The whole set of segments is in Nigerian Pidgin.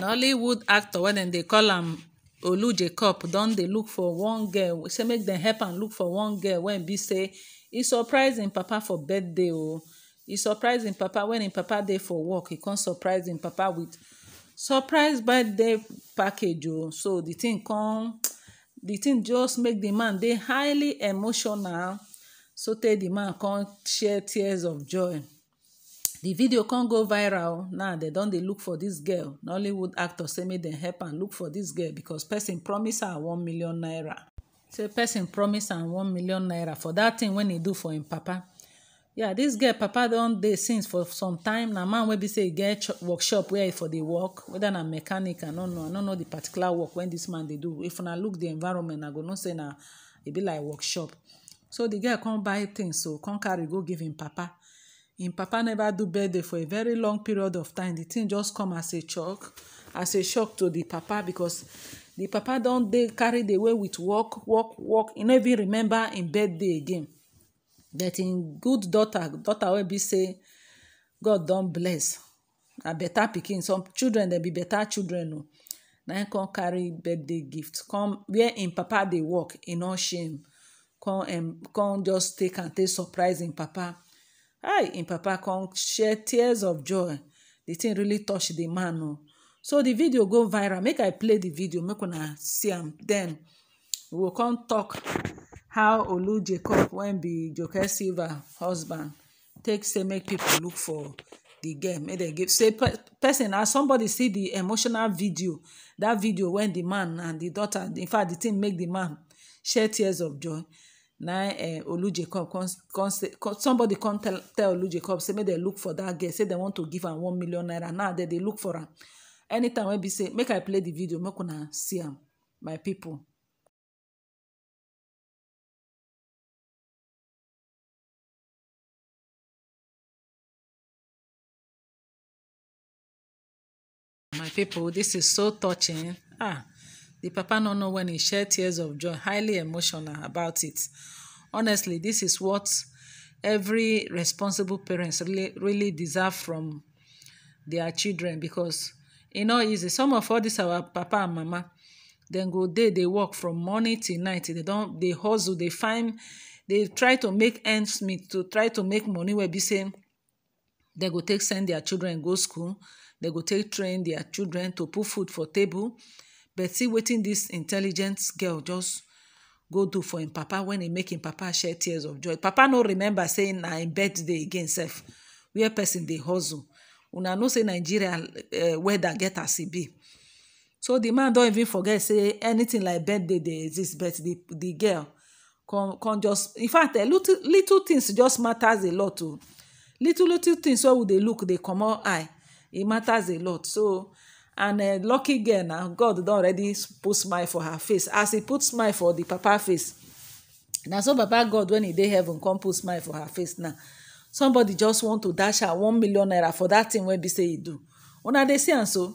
nollywood actor wey dem dey call am olu jacob don dey look for one girl say make dem help am look for one girl wey e be say e surprise im papa for birthday o e surprise im papa when im papa dey for work e come surprise im papa with surprise birthday package o so the thing come the thing just make the man dey highly emotional So sotey the man come share tears of joy di video con go viral now dem don dey look for dis girl nollywood actor say make dem help am look for dis girl becos person promise am one million naira say person promise am one million naira for dat tin wey e do for im papa yeah dis girl papa don dey since for some time na man wey be say e get workshop where e for dey work weda na mechanic i no know i no know di particular work wey dis man dey do if una look di environment i go know say na e be like workshop so di girl kon buy things so kon carry go give him papa. In papa never do birthday for a very long period of time The thing just come as a shock as a shock to the papa because the papa don't they carry the way with work work work He no even remember in birthday again That in good daughter daughter will be say god don't bless a better picking. some children they be better children No, oh. na im come carry birthday gift come where in papa they work In all shame come just take and take surprise in papa Hi, in papa come share tears of joy. The thing really touched the man o. Oh. So the video go viral. Make I play the video, make una see him. Then we will come talk how Olu Jacob, when be Joke silver husband, take say make people look for the game. Make they give say person as somebody see the emotional video, that video when the man and the daughter, in fact the thing make the man share tears of joy na eh, olu jacob come, come say, come, somebody come tell, tell olu jacob say make dem look for dat girl say dem want to give am one million naira now dem dey look for am anytime wey be say make i play the video make una see am my people my people this is so touching ah The papa no know when he shed tears of joy, highly emotional about it. Honestly, this is what every responsible parents really, really deserve from their children because e no easy some of all this our papa and mama Then go day they work from morning till night They don't. They hustle They find They try to make ends meet to try to make money wey be say they go take send their children go school They go take train their children to put food for table but see wetin dis intelligent girl just go do for him, papa When he make im papa share tears of joy papa no remember say na im birthday again sef where person dey hustle una know say nigeria eh, weather get as e be so the man don even forget say anything like birthday dey exist but di girl con just in fact eh, little little things just matters a lot o oh. little little things wey we dey look dey comot eye e matters a lot so and uh, lucky girl now god don already put smile for her face as he put smile for the papa face na so papa god when he dey heaven come put smile for her face now somebody just want to dash her one million naira for that thing wey be say you do una dey see am so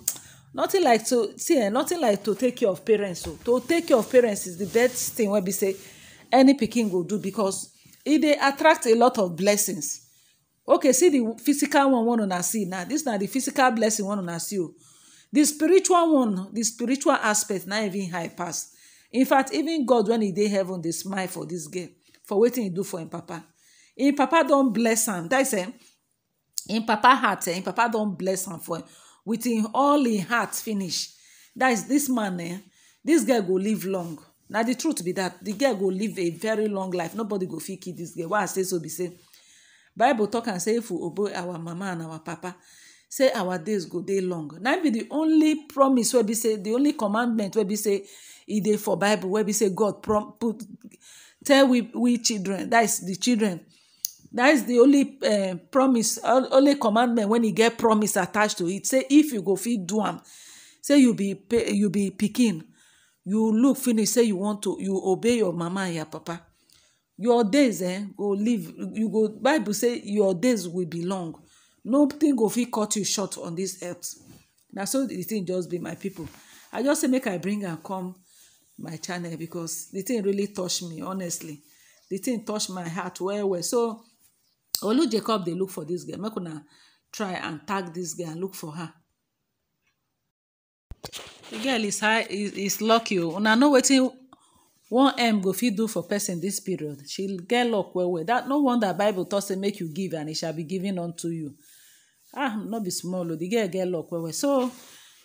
nothing like to see eh nothing like to take care of parents o to take care of parents is the best thing wey be say any pikin go do because e dey attract a lot of blessings okay see the physical one one una see now this na the physical blessing one una see o oh the spiritual one the spiritual aspect not even high pass in fact even god when he dey heaven they smile for this girl for waiting e do for him, papa im papa don't bless him. that is eh, him. im papa heart eh im papa don't bless him for waiting all he heart finish that is this man eh this girl go live long Now the truth be that the girl go live a very long life nobody go fit this dis girl why i say so be say bible talk and say for obey our mama and our papa say our days go dey long na be the only promise wey be say the only commandment wey be say e dey for bible wey be say god put tell we we children that is the children that is the only eh, promise only commandment when e get promise attached to it say if you go fit do am say you be you be pikin you look finish say you want to you obey your mama and your papa your days eh go live you go bible say your days will be long nothing go fit cut you short on this earth na so the thing just be my people. i just say make i bring am come my channel because the thing really touch me honestly the thing touch my heart well well so olu jacob dey look for this girl make una try and tag this girl and look for her The girl is high is is lucky o oh. una know wetin one m go fit do for person this period she get luck well well That no wonder bible talk say make you give and e shall be given unto you ah no be small o oh, the girl get luck well well so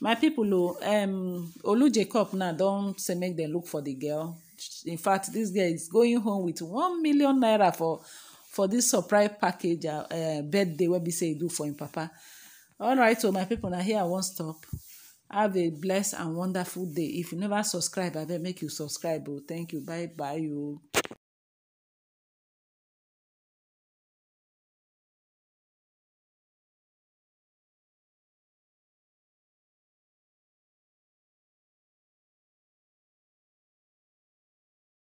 my people oh, um, olu jacob now do say make them look for the girl in fact this girl is going home with one million naira for for this surprise package uh, uh, birthday What be say do for him, papa alright so oh, my people, now here i won't stop have a blessed and wonderful day if you never subscribe I will make you subscribe oh. thank you bye bye o